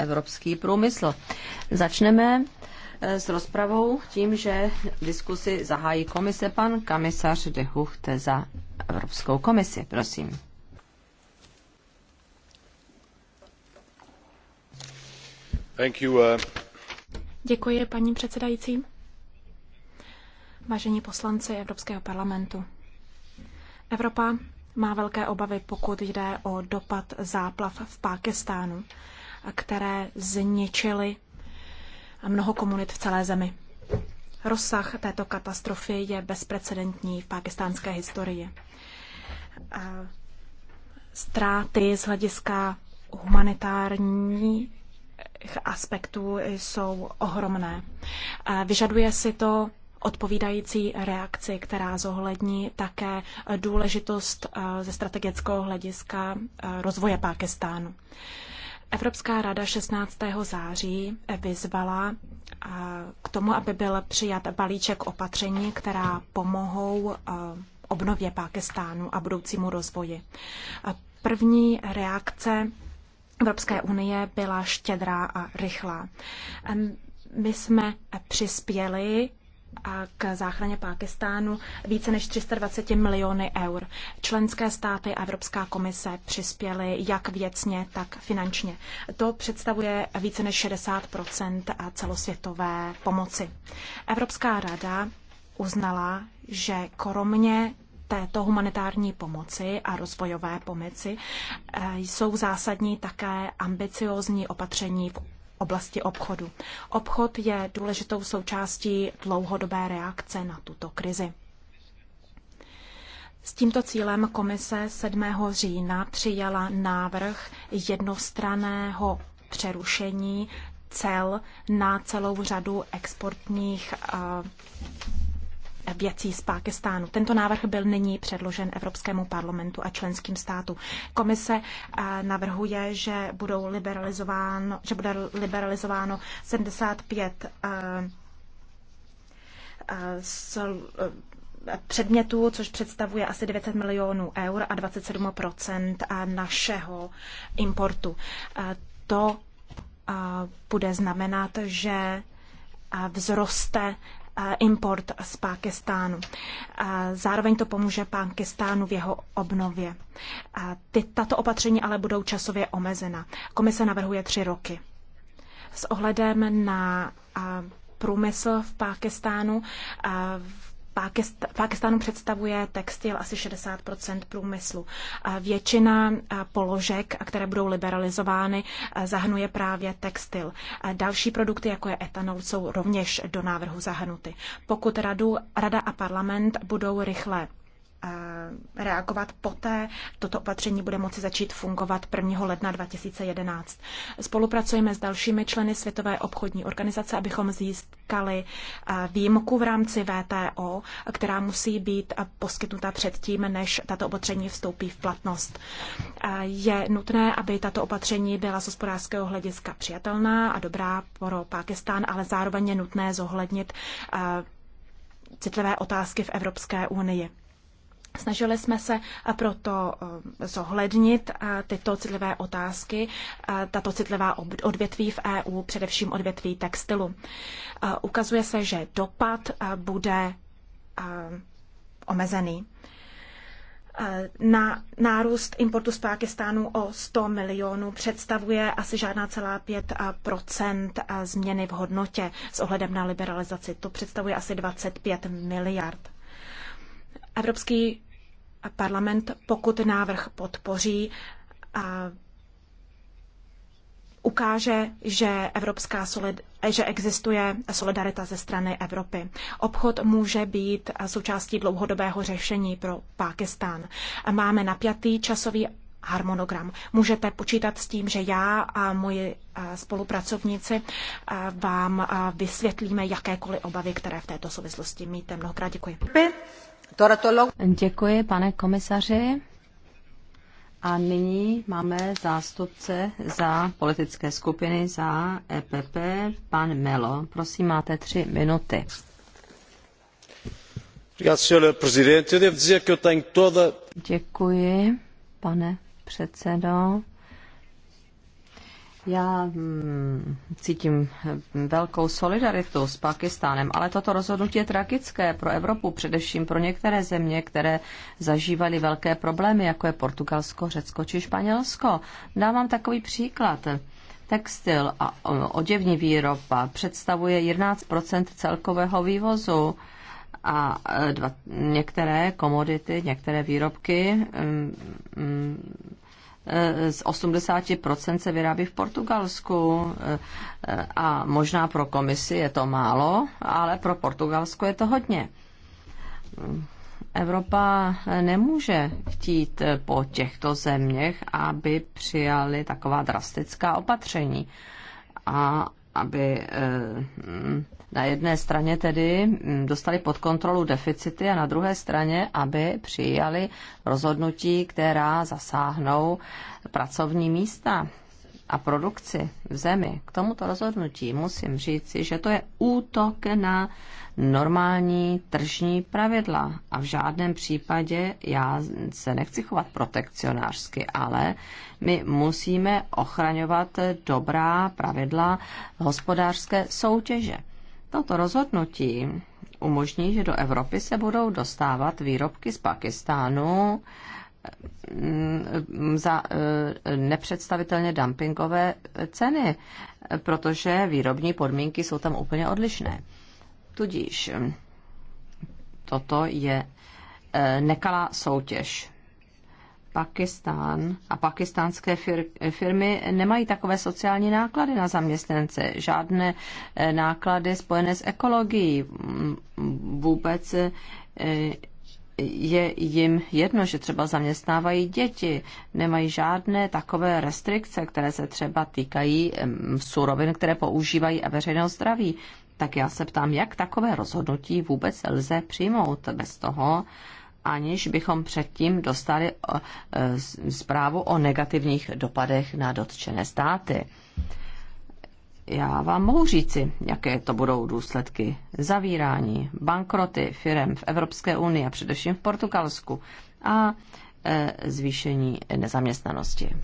evropský průmysl. Začneme eh, s rozpravou tím, že diskusi zahájí komise pan komisař de Huchte za Evropskou komisi. Prosím. Thank you, uh... Děkuji, paní předsedající. Vážení poslanci Evropského parlamentu. Evropa má velké obavy, pokud jde o dopad záplav v Pákistánu které zničily mnoho komunit v celé zemi. Rozsah této katastrofy je bezprecedentní v pakistánské historii. Ztráty z hlediska humanitárních aspektů jsou ohromné. Vyžaduje si to odpovídající reakci, která zohlední také důležitost eh, ze strategického hlediska eh, rozvoje Pákistánu. Evropská rada 16. září vyzvala eh, k tomu, aby byl přijat balíček opatření, která pomohou eh, obnově Pákistánu a budoucímu rozvoji. Eh, první reakce Evropské unie byla štědrá a rychlá. My jsme přispěli k záchraně Pákistánu více než 320 miliony eur. Členské státy a Evropská komise přispěly jak věcně, tak finančně. To představuje více než 60 celosvětové pomoci. Evropská rada uznala, že kromě této humanitární pomoci a rozvojové pomoci eh, jsou zásadní také ambiciózní opatření v oblasti obchodu. Obchod je důležitou součástí dlouhodobé reakce na tuto krizi. S tímto cílem komise 7. října přijala návrh jednostraného přerušení cel na celou řadu exportních eh, věcí z Pákistánu. Tento návrh byl nyní předložen Evropskému parlamentu a členským státu. Komise eh, navrhuje, že, budou liberalizováno, že bude liberalizováno 75 eh, eh, předmětů, což představuje asi 900 milionů eur a 27 našeho importu. To bude znamenat, že vzroste import z Pákistánu. Zároveň to pomůže Pákistánu v jeho obnově. Ty, tato opatření ale budou časově omezena. Komise navrhuje tři roky. S ohledem na průmysl v Pákistánu v Pakistánu představuje textil asi 60 průmyslu. Většina položek, které budou liberalizovány, zahrnuje právě textil. Další produkty, jako je etanol, jsou rovněž do návrhu zahrnuty. Pokud radu, rada a parlament budou rychle Eh, reagovat poté. Toto opatření bude moci začít fungovat 1. ledna 2011. Spolupracujeme s dalšími členy Světové obchodní organizace, abychom získali eh, výjimku v rámci VTO, která musí být eh, poskytnuta předtím, než tato opatření vstoupí v platnost. Je nutné, aby tato opatření byla z hospodářského hlediska přijatelná a dobrá pro Pákistán, ale zároveň je nutné zohlednit citlivé otázky v Evropské unii. Snažili jsme se eh, proto eh, zohlednit eh, tyto citlivé otázky, tato citlivá odvětví v EU, především odvětví textilu. Ukazuje se, že dopad bude omezený. Na nárůst importu z Pákistánu o 100 milionů představuje asi žádná celá 5 změny v hodnotě s ohledem na liberalizaci. To představuje asi 25 miliard. Evropský parlament, pokud návrh podpoří, a ukáže, že, evropská solid, že existuje solidarita ze strany Evropy. Obchod může být součástí dlouhodobého řešení pro Pákistán. Máme napjatý časový harmonogram. Můžete počítat s tím, že já a moji spolupracovníci vám vysvětlíme jakékoliv obavy, které v této souvislosti míte. Mnohokrát děkuji. Děkuji, pane komisaři. A nyní máme zástupce za politické skupiny, za EPP, pan Melo. Prosím, máte tři minuty. Děkuji, pane předsedo. Já hm, cítím velkou solidaritu s Pakistánem, ale toto rozhodnutí je tragické pro Evropu, především pro některé země, které zažívaly velké problémy, jako je Portugalsko, Řecko či Španělsko. Dám vám takový příklad. Textil a oděvní výroba představuje 11 celkového vývozu a eh, dva, některé komodity, některé výrobky hm, hm, z 80% se vyrábí v Portugalsku e, e, a možná pro komisi je to málo, ale pro Portugalsko je to hodně. Evropa nemůže chtít po těchto zeměch, aby přijali taková drastická opatření a aby e, na jedné straně tedy mm, dostali pod kontrolu deficity a na druhé straně, aby přijali rozhodnutí, která zasáhnou pracovní místa a produkci v zemi. K tomuto rozhodnutí musím říci, že to je útok na normální tržní pravidla a v žádném případě já se nechci chovat protekcionářsky, ale my musíme ochraňovat dobrá pravidla hospodářské soutěže. Toto rozhodnutí umožní, že do Evropy se budou dostávat výrobky z Pakistánu mm, za eh, nepředstavitelně dumpingové ceny, protože výrobní podmínky jsou tam úplně odlišné. Tudíž toto je eh, nekalá soutěž Pakistán a pakistánské firmy nemají takové sociální náklady na zaměstnance, žádné eh, náklady spojené s ekologií. Mm, vůbec eh, je jim jedno, že třeba zaměstnávají děti, nemají žádné takové restrikce, které se třeba týkají surovin, které používají a veřejného zdraví. Tak já se ptám, jak takové rozhodnutí vůbec lze přijmout bez toho, aniž bychom předtím dostali eh, zprávu o negativních dopadech na dotčené státy. Já vám mohu říci, jaké to budou důsledky zavírání, bankroty firem v Evropské unii a především v Portugalsku a eh, zvýšení nezaměstnanosti.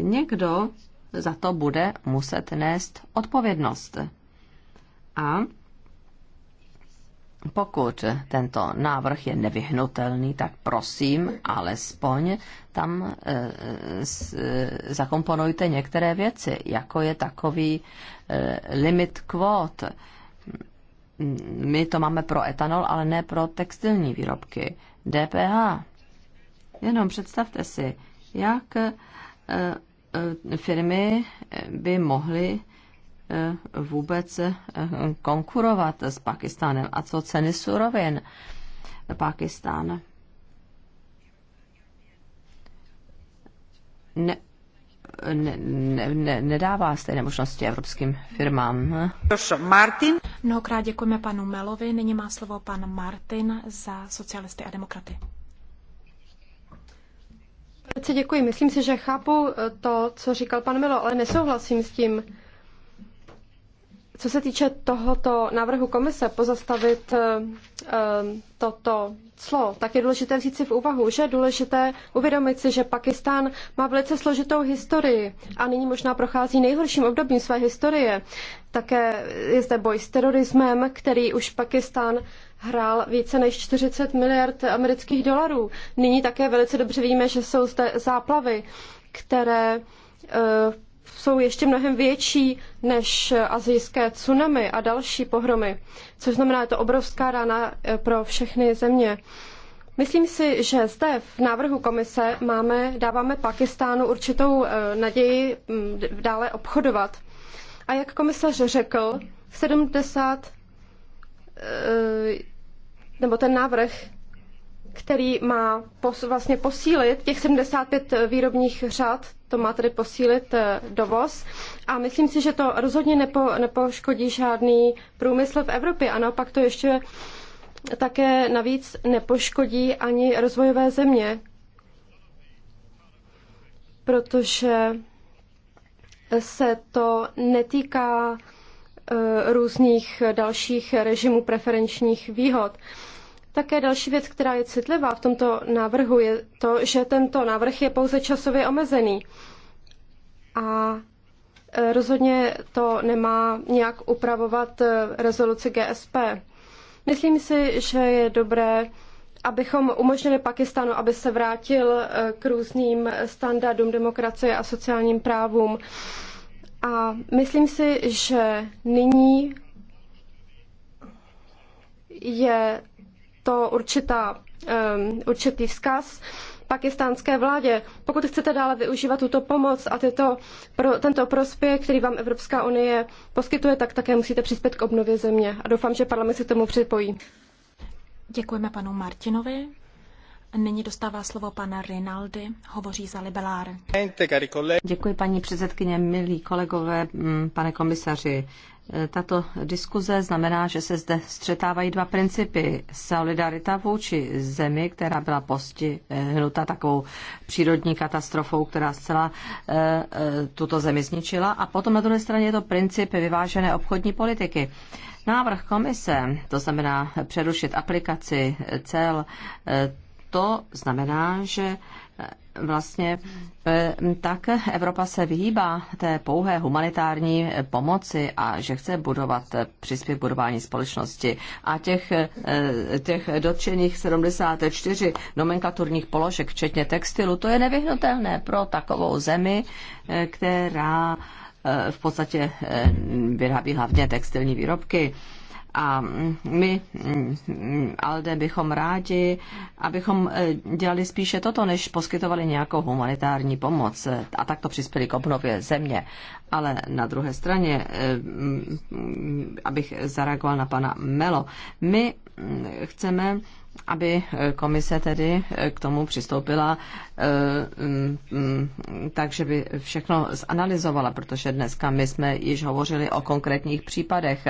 Někdo za to bude muset nést odpovědnost. A pokud tento návrh je nevyhnutelný, tak prosím, alespoň tam e, e, zakomponujte některé věci, jako je takový e, limit kvót. My to máme pro etanol, ale ne pro textilní výrobky. DPH. Jenom představte si, jak firmy by mohly vůbec eh, konkurovat s Pakistanem. A co ceny surovin? Pakistán ne, ne, ne, nedává stejné možnosti evropským firmám. Martin. Mnohokrát děkujeme panu Melovi. Nyní má slovo pan Martin za socialisty a demokraty. Velice děkuji. Myslím si, že chápu eh, to, co říkal pan Melo, ale nesouhlasím s tím. Co se týče tohoto návrhu komise pozastavit eh, eh, toto clo, tak je důležité vzít si v úvahu, že je důležité uvědomit si, že Pakistán má velice složitou historii a nyní možná prochází nejhorším obdobím své historie. Také je zde boj s terorismem, který už Pakistán hrál více než 40 miliard amerických dolarů. Nyní také velice dobře víme, že jsou zde záplavy, které eh, jsou ještě mnohem větší než azijské tsunami a další pohromy, což znamená, je to obrovská rána eh, pro všechny země. Myslím si, že zde v návrhu komise máme, dáváme Pakistánu určitou eh, naději mm, dále obchodovat. A jak komisař řekl, 70 eh, nebo ten návrh který má pos, vlastně posílit těch 75 výrobních řad, to má tedy posílit eh, dovoz. A myslím si, že to rozhodně nepo, nepoškodí žádný průmysl v Evropě. A naopak to ještě také navíc nepoškodí ani rozvojové země, protože se to netýká eh, různých dalších režimů preferenčních výhod. Také další věc, která je citlivá v tomto návrhu, je to, že tento návrh je pouze časově omezený. A e, rozhodně to nemá nějak upravovat e, rezoluci GSP. Myslím si, že je dobré, abychom umožnili Pakistánu, aby se vrátil e, k různým standardům demokracie a sociálním právům. A myslím si, že nyní je to určitá, um, určitý vzkaz pakistánské vládě. Pokud chcete dále využívat tuto pomoc a tyto, pro, tento prospěch, který vám Evropská unie poskytuje, tak také musíte přispět k obnově země. A doufám, že parlament se tomu připojí. Děkujeme panu Martinovi. Nyní dostává slovo pana Rinaldi, hovoří za Libelár. Děkuji paní předsedkyně, milí kolegové, pane komisaři tato diskuze znamená, že se zde střetávají dva principy. Solidarita vůči zemi, která byla postihnuta takovou přírodní katastrofou, která zcela eh, eh, tuto zemi zničila. A potom na druhé straně je to princip vyvážené obchodní politiky. Návrh komise, to znamená přerušit aplikaci cel, eh, to znamená, že vlastně e, tak Evropa se vyhýbá té pouhé humanitární pomoci a že chce budovat, e, přispět budování společnosti. A těch, e, těch dotčených 74 nomenklaturních položek, včetně textilu, to je nevyhnutelné pro takovou zemi, která v podstatě vyrábí hlavně textilní výrobky. A my, Alde, bychom rádi, abychom eh, dělali spíše toto, než poskytovali nějakou humanitární pomoc eh, a takto přispěli k obnově země. Ale na druhé straně, eh, abych zareagoval na pana Melo, my mm, chceme aby eh, komise tedy eh, k tomu přistoupila eh, mm, mm, takže by všechno zanalizovala, protože dneska my jsme již hovořili o konkrétních případech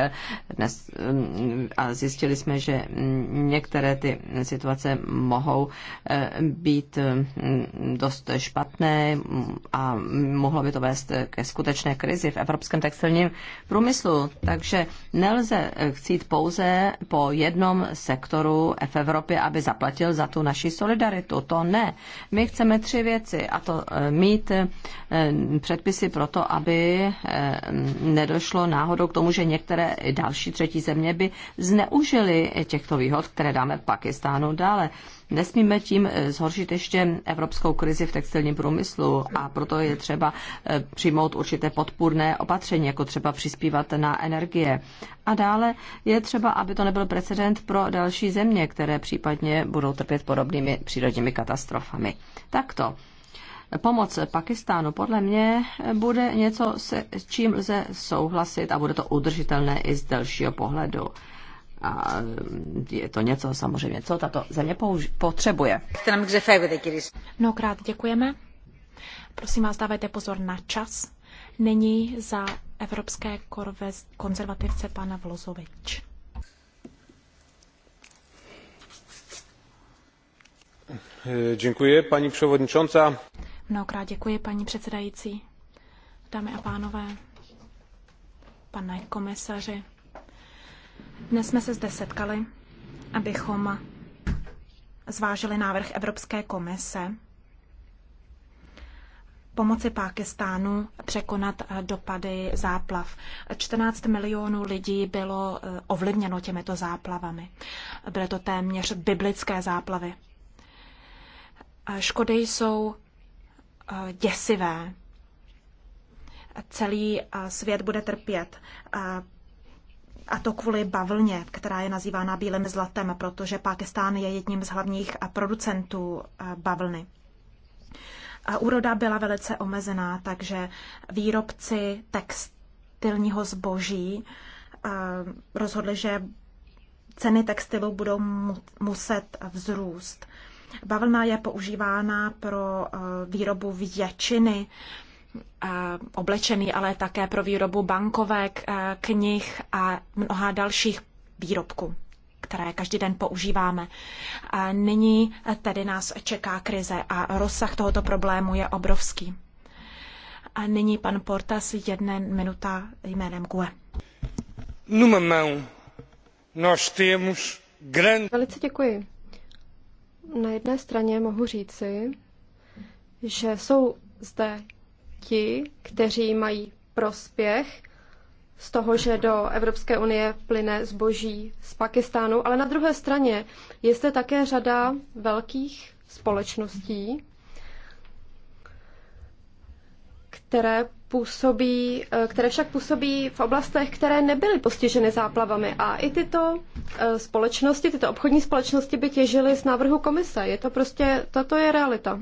dnes, mm, a zjistili jsme, že některé ty situace mohou být dost špatné a mohlo by to vést ke skutečné krizi v evropském textilním průmyslu. Takže nelze chcít pouze po jednom sektoru v Evropě Evropě, aby zaplatil za tu naši solidaritu. To ne. My chceme tři věci a to eh, mít eh, předpisy pro to, aby eh, nedošlo náhodou k tomu, že některé další třetí země by zneužily těchto výhod, které dáme Pakistánu dále. Nesmíme tím eh, zhoršit ještě evropskou krizi v textilním průmyslu a proto je třeba eh, přijmout určité podpůrné opatření, jako třeba přispívat na energie. A dále je třeba, aby to nebyl precedent pro další země, které případně budou trpět podobnými přírodními katastrofami. Takto pomoc Pakistánu podle mě eh, bude něco, se, s čím lze souhlasit a bude to udržitelné i z delšího pohledu a mm, je to něco samozřejmě, co tato země potřebuje. Mnohokrát děkujeme. Prosím vás, dávajte pozor na čas. Není za evropské konzervativce pana Vlozovič. Děkuji, paní předsedající. Mnohokrát děkuji, paní předsedající. Dámy a pánové, pane komisaři, dnes jsme se zde setkali, abychom zvážili návrh Evropské komise pomoci Pákistánu překonat eh, dopady záplav. 14 milionů lidí bylo eh, ovlivněno těmito záplavami. Byly to téměř biblické záplavy. Eh, škody jsou děsivé. Celý svět bude trpět. A to kvůli bavlně, která je nazývána bílým zlatem, protože Pákistán je jedním z hlavních producentů eh, bavlny. A úroda byla velice omezená, takže výrobci textilního zboží eh, rozhodli, že ceny textilu budou muset vzrůst. Bavlna je používána pro eh, výrobu většiny oblečený, ale také pro výrobu bankovek, knih a mnoha dalších výrobků které každý den používáme. A nyní tedy nás čeká krize a rozsah tohoto problému je obrovský. A nyní pan Portas, jedné minuta jménem GUE. Numa mão nós temos grande... Velice děkuji. Na jedné straně mohu říci, že jsou zde ti, kteří mají prospěch z toho, že do Evropské unie plyne zboží z Pakistánu, ale na druhé straně je zde také řada velkých společností, které působí, eh, které však působí v oblastech, které nebyly postiženy záplavami. A i tyto eh, společnosti, tyto obchodní společnosti by těžily z návrhu komise. Je to prostě, tato je realita.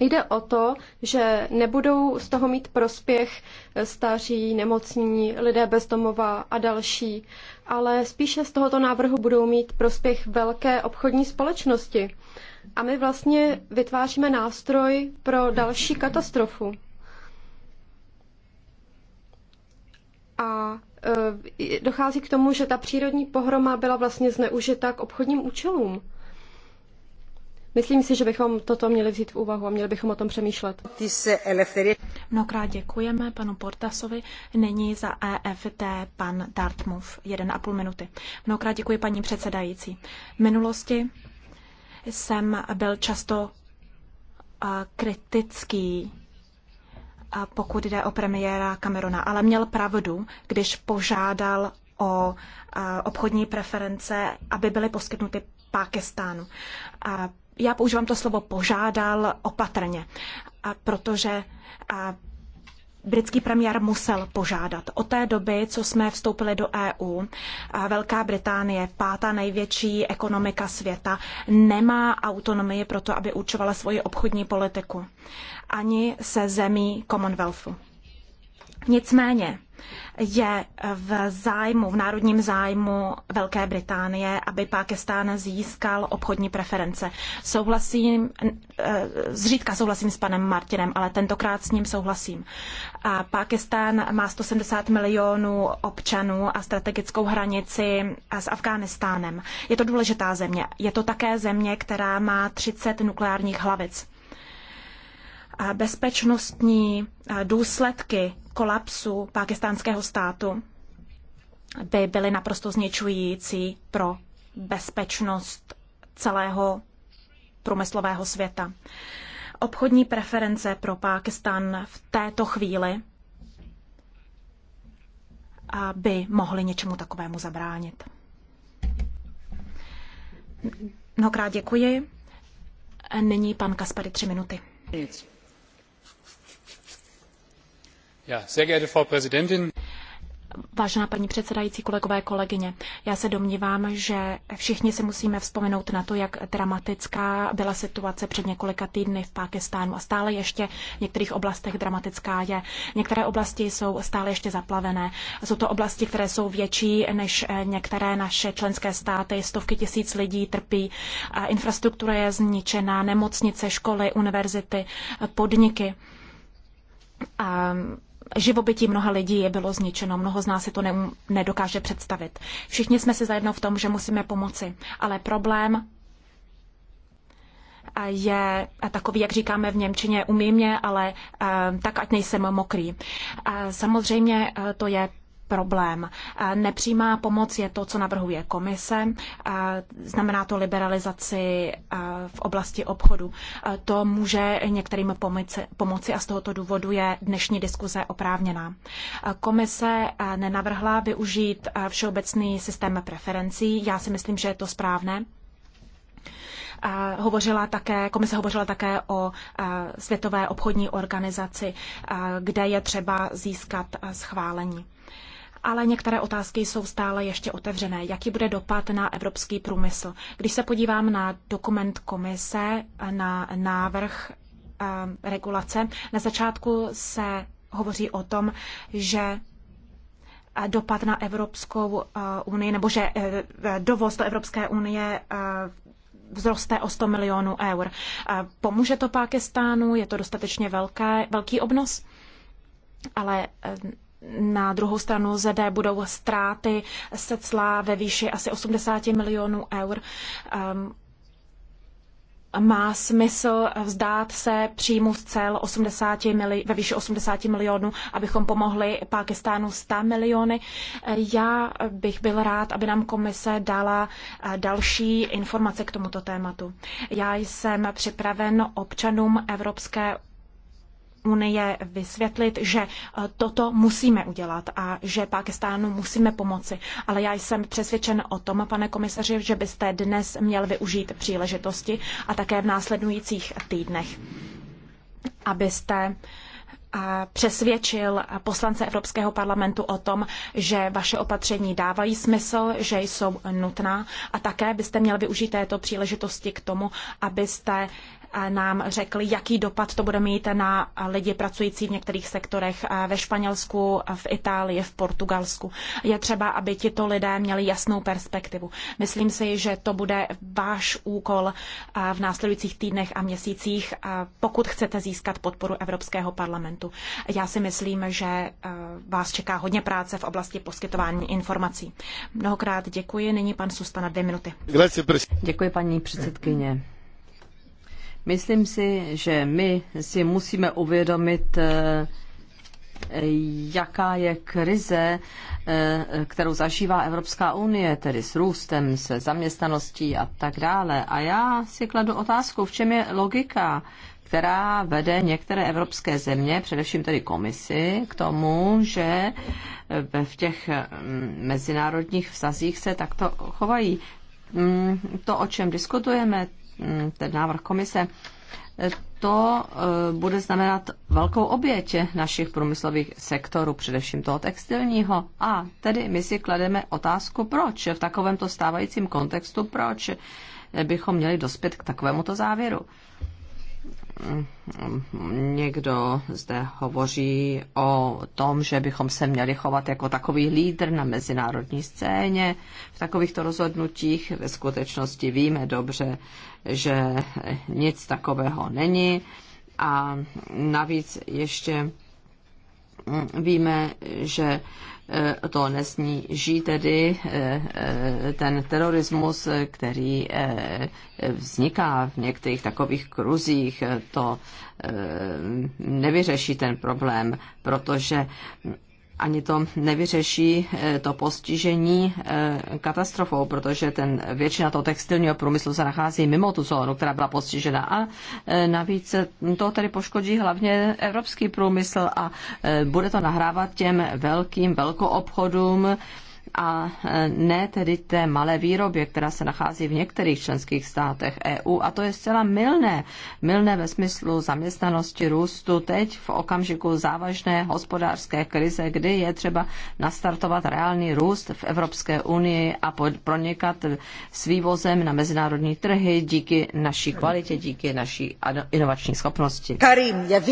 Jde o to, že nebudou z toho mít prospěch staří, nemocní, lidé bezdomova a další, ale spíše z tohoto návrhu budou mít prospěch velké obchodní společnosti. A my vlastně vytváříme nástroj pro další katastrofu. A e, dochází k tomu, že ta přírodní pohroma byla vlastně zneužita k obchodním účelům. Myslím si, že bychom toto měli vzít v úvahu a měli bychom o tom přemýšlet. Mnohokrát děkujeme panu Portasovi. Nyní za EFT pan Dartmouth, 1,5 minuty. Mnohokrát děkuji paní předsedající. V minulosti jsem byl často kritický pokud jde o premiéra Camerona, ale měl pravdu, když požádal o obchodní preference, aby byly poskytnuty Pákistánu já používám to slovo požádal opatrně, a protože a britský premiér musel požádat. Od té doby, co jsme vstoupili do EU, Velká Británie, pátá největší ekonomika světa, nemá autonomii pro to, aby určovala svoji obchodní politiku. Ani se zemí Commonwealthu. Nicméně je v zájmu, v národním zájmu Velké Británie, aby Pákistán získal obchodní preference. Souhlasím, eh, zřídka souhlasím s panem Martinem, ale tentokrát s ním souhlasím. A Pákistán má 170 milionů občanů a strategickou hranici s Afghánistánem. Je to důležitá země. Je to také země, která má 30 nukleárních hlavic bezpečnostní důsledky kolapsu pakistánského státu by byly naprosto zničující pro bezpečnost celého průmyslového světa. Obchodní preference pro Pákistán v této chvíli by mohly něčemu takovému zabránit. Mnohokrát děkuji. Nyní pan Kaspary tři minuty. Vážená paní předsedající, kolegové, kolegyně, já se domnívám, že všichni se musíme vzpomenout na to, jak dramatická byla situace před několika týdny v Pákistánu a stále ještě v některých oblastech dramatická je. Některé oblasti jsou stále ještě zaplavené. Jsou to oblasti, které jsou větší než eh, některé naše členské státy. Stovky tisíc lidí trpí. Infrastruktura je zničená, nemocnice, školy, univerzity, podniky. A živobytí mnoha lidí je bylo zničeno. Mnoho z nás si to ne, nedokáže představit. Všichni jsme si zajedno v tom, že musíme pomoci, ale problém je takový, jak říkáme v Němčině, umí mě, ale eh, tak ať nejsem mokrý. Eh, samozřejmě eh, to je problém. Nepřímá pomoc je to, co navrhuje komise, znamená to liberalizaci v oblasti obchodu. To může některým pomoci a z tohoto důvodu je dnešní diskuze oprávněná. Komise nenavrhla využít všeobecný systém preferencí. Já si myslím, že je to správné. hovořila také, komise hovořila také o Světové obchodní organizaci, kde je třeba získat schválení ale některé otázky jsou stále ještě otevřené. Jaký bude dopad na evropský průmysl? Když se podívám na dokument komise, na návrh eh, regulace, na začátku se hovoří o tom, že eh, dopad na Evropskou eh, unii, nebo že dovoz do Evropské unie vzroste o 100 milionů eur. Pomůže to Pákistánu? Je to dostatečně velké, velký obnos? Ale na druhou stranu ZD budou ztráty secla ve výši asi 80 milionů eur. Ehm, má smysl vzdát se příjmu z cel 80 mili- ve výši 80 milionů, abychom pomohli Pákistánu 100 miliony. Já bych byl rád, aby nám komise dala eh, další informace k tomuto tématu. Já jsem připraven občanům Evropské unie vysvětlit, že e, toto musíme udělat a že Pákistánu musíme pomoci. Ale já jsem přesvědčen o tom, pane komisaři, že byste dnes měl využít příležitosti a také v následujících týdnech, abyste e, přesvědčil poslance Evropského parlamentu o tom, že vaše opatření dávají smysl, že jsou nutná a také byste měl využít této příležitosti k tomu, abyste nám řekli, jaký dopad to bude mít na lidi pracující v některých sektorech ve Španělsku, v Itálii, v Portugalsku. Je třeba, aby tito lidé měli jasnou perspektivu. Myslím si, že to bude váš úkol v následujících týdnech a měsících, pokud chcete získat podporu Evropského parlamentu. Já si myslím, že vás čeká hodně práce v oblasti poskytování informací. Mnohokrát děkuji. Nyní pan Susta na dvě minuty. Děkuji, paní předsedkyně. Myslím si, že my si musíme uvědomit, eh, jaká je krize, eh, kterou zažívá Evropská unie, tedy s růstem, se zaměstnaností a tak dále. A já si kladu otázku, v čem je logika, která vede některé evropské země, především tedy komisi, k tomu, že eh, v těch mm, mezinárodních vzazích se takto chovají. Mm, to, o čem diskutujeme, Mm, ten návrh komise, to eh, bude znamenat velkou oběť našich průmyslových sektorů, především toho textilního. A tedy my si klademe otázku, proč v takovémto stávajícím kontextu, proč bychom měli dospět k takovémuto závěru někdo zde hovoří o tom, že bychom se měli chovat jako takový lídr na mezinárodní scéně v takovýchto rozhodnutích. Ve skutečnosti víme dobře, že nic takového není. A navíc ještě víme, že eh, to nesníží tedy eh, eh, ten terorismus, který vzniká v některých takových kruzích. To nevyřeší ten problém, protože ani to nevyřeší eh, to postižení eh, katastrofou, protože ten většina toho textilního průmyslu se nachází mimo tu zónu, která byla postižena. A eh, navíc to tedy poškodí hlavně evropský průmysl a bude to nahrávat těm velkým velkoobchodům, a e, ne tedy té malé výrobě, která se nachází v některých členských státech EU. A to je zcela milné. Milné ve smyslu zaměstnanosti růstu teď v okamžiku závažné hospodářské krize, kdy je třeba nastartovat reálný růst v Evropské unii a pronikat s vývozem na mezinárodní trhy díky naší kvalitě, díky naší inovační schopnosti. Karim, je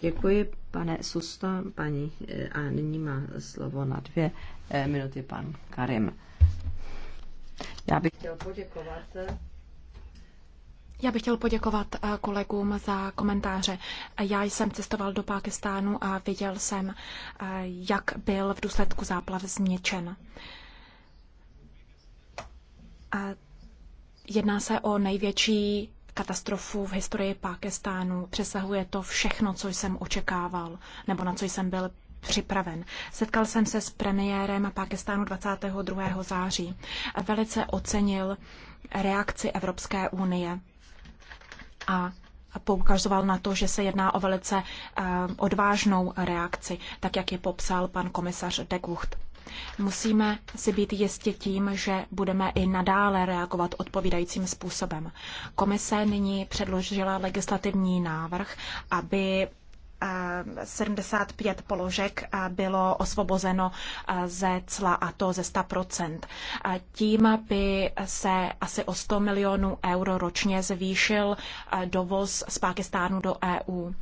Děkuji, pane Susta, paní, eh, a nyní má slovo na dvě eh, minuty pan Karim. Já bych chtěl poděkovat. Eh, Já bych chtěl poděkovat kolegům za komentáře. Já jsem cestoval do Pákistánu a viděl jsem, jak byl v důsledku záplav zničen. Jedná se o největší katastrofu v historii Pákistánu. Přesahuje to všechno, co jsem očekával, nebo na co jsem byl připraven. Setkal jsem se s premiérem Pákistánu 22. září. a Velice ocenil reakci Evropské unie a poukazoval na to, že se jedná o velice eh, odvážnou reakci, tak jak ji popsal pan komisař de Gucht. Musíme si být jistě tím, že budeme i nadále reagovat odpovídajícím způsobem. Komise nyní předložila legislativní návrh, aby 75 eh, položek eh, bylo osvobozeno eh, ze cla a to ze 100%. Tím by se asi o 100 milionů euro ročně zvýšil dovoz z Pákistánu do EU.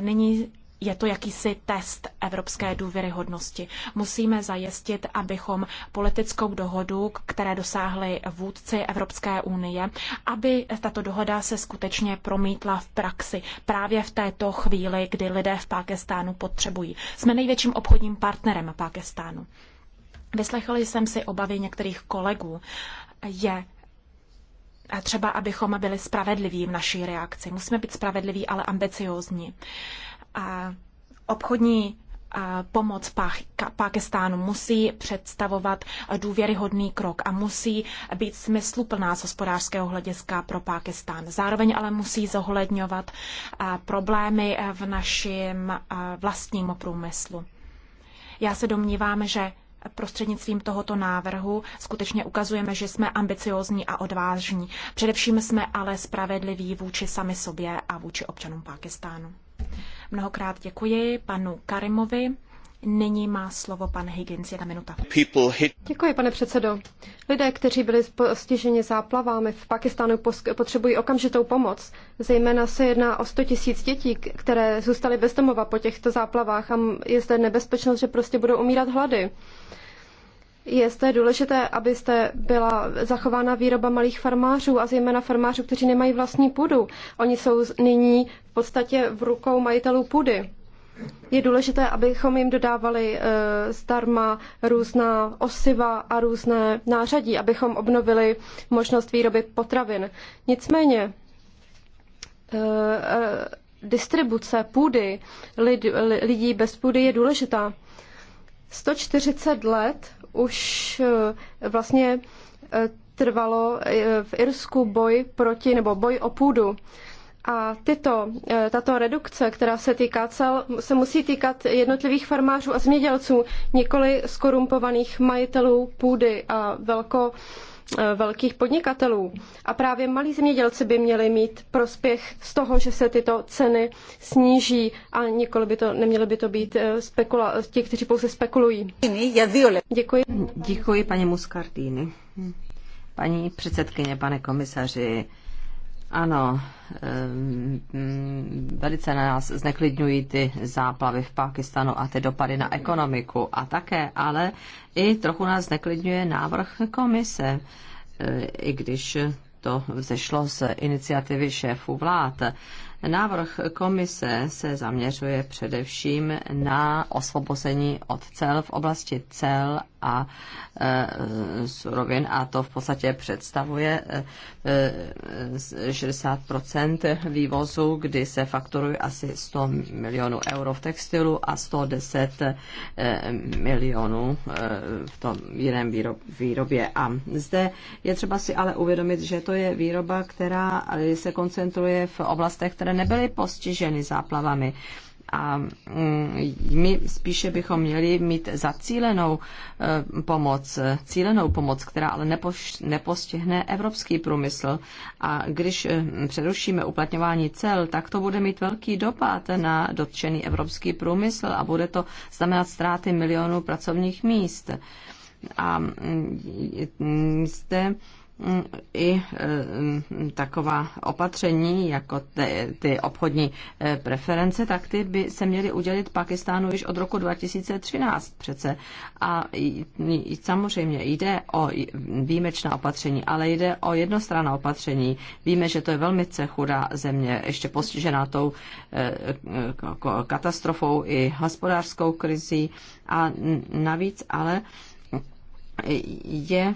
Nyní je to jakýsi test evropské důvěryhodnosti. Musíme zajistit, abychom politickou dohodu, které dosáhli vůdci Evropské unie, aby tato dohoda se skutečně promítla v praxi právě v této chvíli, kdy lidé v Pákistánu potřebují. Jsme největším obchodním partnerem Pákistánu. Vyslechali jsem si obavy některých kolegů. Je třeba, abychom byli spravedliví v naší reakci. Musíme být spravedliví, ale ambiciózní obchodní pomoc Pákistánu musí představovat důvěryhodný krok a musí být smysluplná z hospodářského hlediska pro Pákistán. Zároveň ale musí zohledňovat problémy v našem vlastním průmyslu. Já se domnívám, že prostřednictvím tohoto návrhu skutečně ukazujeme, že jsme ambiciozní a odvážní. Především jsme ale spravedliví vůči sami sobě a vůči občanům Pákistánu. Mnohokrát děkuji panu Karimovi. Nyní má slovo pan Higgins, jedna minuta. Děkuji, pane předsedo. Lidé, kteří byli postiženi záplavami v Pakistánu, potřebují okamžitou pomoc. Zejména se jedná o 100 tisíc dětí, které zůstaly bez domova po těchto záplavách a je zde nebezpečnost, že prostě budou umírat hlady je zde důležité, abyste byla zachována výroba malých farmářů a zejména farmářů, kteří nemají vlastní půdu. Oni jsou nyní v podstatě v rukou majitelů půdy. Je důležité, abychom jim dodávali e, zdarma různá osiva a různé nářadí, abychom obnovili možnost výroby potravin. Nicméně, e, e, distribuce půdy lid, lidí bez půdy je důležitá. 140 let už eh, vlastně eh, trvalo eh, v Irsku boj proti, nebo boj o půdu. A tyto, tato redukce, která se týká cel, se musí týkat jednotlivých farmářů a zemědělců, nikoli skorumpovaných majitelů půdy a velko, Eh, velkých podnikatelů. A právě malí zemědělci by měli mít prospěch z toho, že se tyto ceny sníží a nikoli by to, neměli by to být eh, spekula, ti, kteří pouze spekulují. Děkuji. Děkuji paní Muscardini. Paní předsedkyně, pane komisaři, ano, ehm, velice na nás zneklidňují ty záplavy v Pakistanu a ty dopady na ekonomiku. A také, ale i trochu nás zneklidňuje návrh komise, e, i když to vzešlo z iniciativy šéfů vlád. Návrh komise se zaměřuje především na osvobození od cel v oblasti cel a e, surovin a to v podstatě představuje 60 e, e, vývozu, kdy se fakturuje asi 100 milionů euro v textilu a 110 milionů v tom jiném výrobě. A zde je třeba si ale uvědomit, že to je výroba, která se koncentruje v oblastech, které nebyly postiženy záplavami. A mm, my spíše bychom měli mít zacílenou eh, pomoc, cílenou pomoc, která ale nepostihne evropský průmysl. A když eh, přerušíme uplatňování cel, tak to bude mít velký dopad na dotčený evropský průmysl a bude to znamenat ztráty milionů pracovních míst. A jste, mm, mm, Mm, i mm, taková opatření, jako ty, ty obchodní eh, preference, tak ty by se měly udělit Pakistánu již od roku 2013 přece. A samozřejmě jde o výjimečná opatření, ale jde o jednostranná opatření. Víme, že to je velmi chudá země, ještě postižená tou eh, katastrofou i hospodářskou krizí a navíc ale je,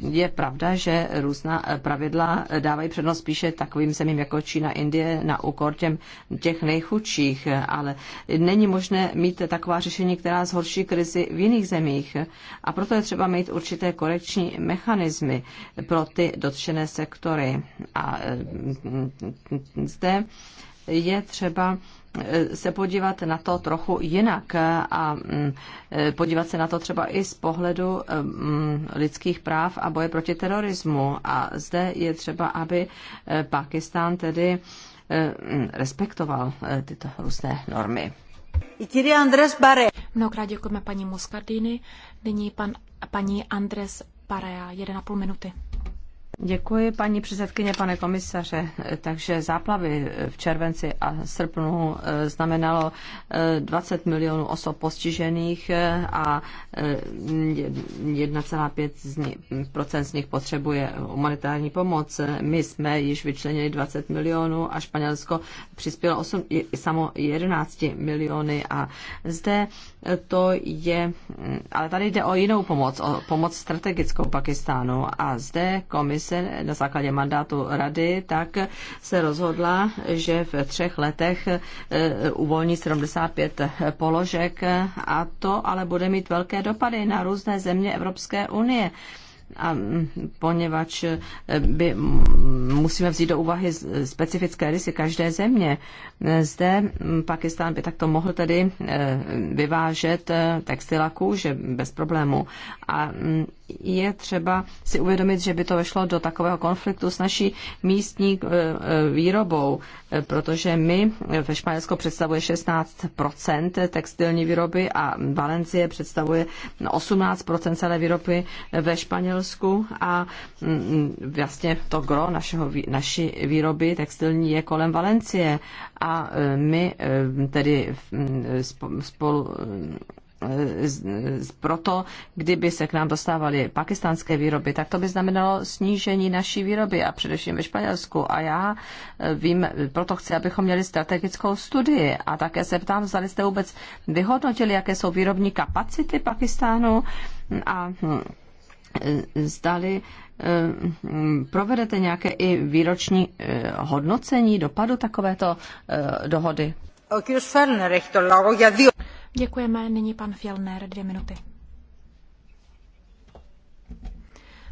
je pravda, že různá pravidla dávají přednost spíše takovým zemím jako Čína, Indie na úkor těm, těch nejchudších, ale není možné mít taková řešení, která zhorší krizi v jiných zemích. A proto je třeba mít určité korekční mechanismy pro ty dotčené sektory. A mm, mm, mm, zde je třeba Eh, se podívat na to trochu jinak eh, a mm, eh, podívat se na to třeba i z pohledu mm, lidských práv a boje proti terorismu. A zde je třeba, aby Pakistán tedy mm, respektoval tyto různé normy. Mnohokrát děkujeme paní Muscardini. Nyní pan, paní Andres Barea, 1,5 minuty. Děkuji, paní předsedkyně, pane komisaře. Takže záplavy v červenci a srpnu eh, znamenalo 20 eh, milionů osob postižených eh, a 1,5 z nich potřebuje humanitární pomoc. My jsme již vyčlenili 20 milionů a Španělsko přispělo 8, samo 11 miliony a zde to je, mm, ale tady jde o jinou pomoc, o pomoc strategickou Pakistánu a zde komise komise na základě mandátu rady, tak se rozhodla, že v třech letech eh, uvolní 75 položek a to ale bude mít velké dopady na různé země Evropské unie a mm, poněvadž eh, by, mm, musíme vzít do úvahy specifické rysy každé země. Eh, zde mm, Pakistán by takto mohl tedy eh, vyvážet textil a kůže bez problému. A je třeba si uvědomit, že by to vešlo do takového konfliktu s naší místní výrobou, protože my ve Španělsku představuje 16 textilní výroby a Valencie představuje 18 celé výroby ve Španělsku Španělsku a mm, mm, vlastně to gro našeho, naší výroby textilní je kolem Valencie a e, my e, tedy spolu e, proto, kdyby se k nám dostávaly pakistánské výroby, tak to by znamenalo snížení naší výroby a především ve Španělsku. A já vím, proto chci, abychom měli strategickou studii. A také se ptám, zda jste vůbec vyhodnotili, jaké jsou výrobní kapacity Pakistánu a hm, Eh, zdali eh, provedete nějaké i výroční eh, hodnocení dopadu takovéto dohody. Děkujeme. Nyní pan Fjellner, dvě minuty.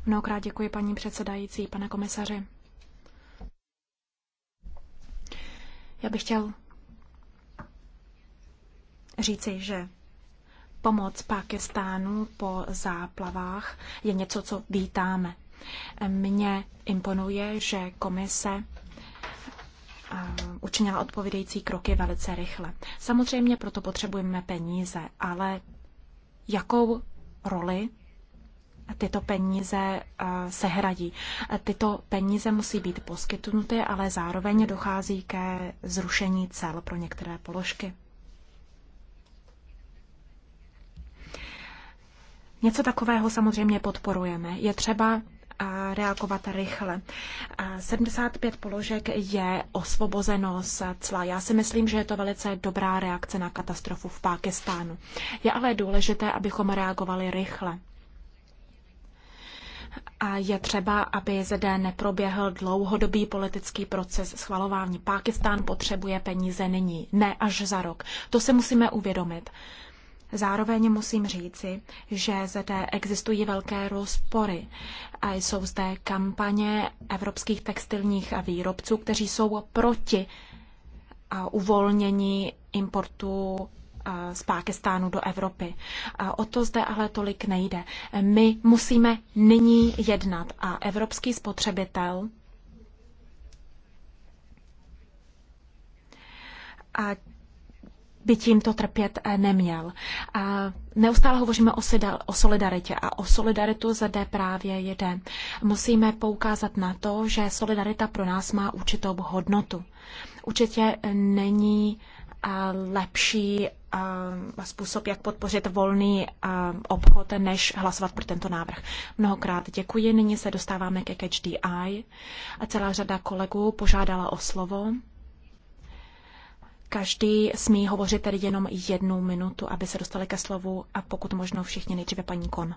Mnohokrát děkuji paní předsedající, pane komisaři. Já bych chtěl říci, že Pomoc Pakistánu po záplavách je něco, co vítáme. Mně imponuje, že komise učinila odpovědející kroky velice rychle. Samozřejmě proto potřebujeme peníze, ale jakou roli tyto peníze sehradí. Tyto peníze musí být poskytnuty, ale zároveň dochází ke zrušení cel pro některé položky. Něco takového samozřejmě podporujeme. Je třeba reagovat rychle. 75 položek je osvobozeno z cla. Já si myslím, že je to velice dobrá reakce na katastrofu v Pákistánu. Je ale důležité, abychom reagovali rychle. A je třeba, aby zde neproběhl dlouhodobý politický proces schvalování. Pákistán potřebuje peníze nyní, ne až za rok. To se musíme uvědomit. Zároveň musím říci, že zde existují velké rozpory. A jsou zde kampaně evropských textilních výrobců, kteří jsou proti uvolnění importu z Pákistánu do Evropy. O to zde ale tolik nejde. My musíme nyní jednat a evropský spotřebitel a by tímto trpět eh, neměl. A neustále hovoříme o, o solidaritě a o solidaritu zde právě jde. Musíme poukázat na to, že solidarita pro nás má určitou hodnotu. Určitě eh, není eh, lepší způsob, jak podpořit volný obchod, než hlasovat pro tento návrh. Mnohokrát děkuji. Nyní se dostáváme ke Catch A celá řada kolegů požádala o slovo. Každý smí hovořit tedy jenom jednu minutu, aby se dostali ke slovu a pokud možno všichni nejdříve paní Kon.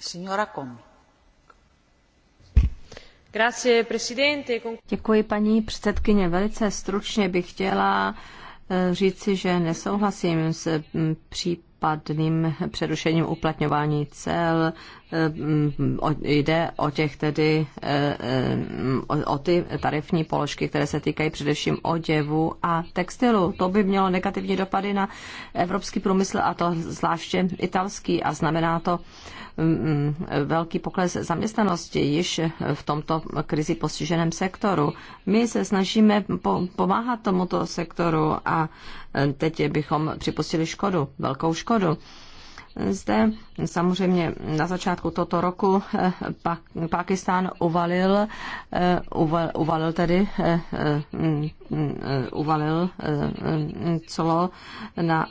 Signora Kon. Děkuji, paní předsedkyně. Velice stručně bych chtěla eh, říci, že nesouhlasím s mm, případným přerušením uplatňování cel Eh, mm, jde o těch tedy, eh, eh, o ty tarifní položky, které se týkají především oděvu a textilu. To by mělo negativní dopady na evropský průmysl a to zvláště italský a znamená to mm, mm, velký pokles zaměstnanosti již v tomto krizi postiženém sektoru. My se snažíme pomáhat tomuto sektoru a teď bychom připustili škodu, velkou škodu. Zde samozřejmě na začátku tohoto roku eh, Pakistán uvalil, eh, uvalil tedy eh, mm, uvalil mm, celo na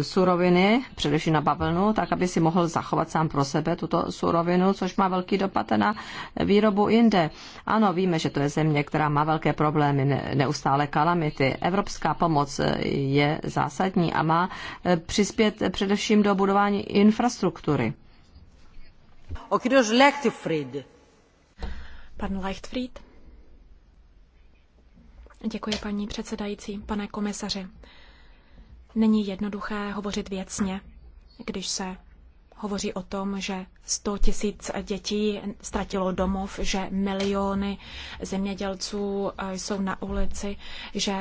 suroviny, především na bavlnu, tak aby si mohl zachovat sám pro sebe tuto surovinu, což má velký dopad na výrobu jinde. Ano, víme, že to je země, která má velké problémy, neustále kalamity. Evropská pomoc je zásadní a má přispět především do budování infrastruktury. Pan Leichtfried. Děkuji, paní předsedající, pane komisaři. Není jednoduché hovořit věcně, když se hovoří o tom, že 100 tisíc dětí ztratilo domov, že miliony zemědělců eh, jsou na ulici, že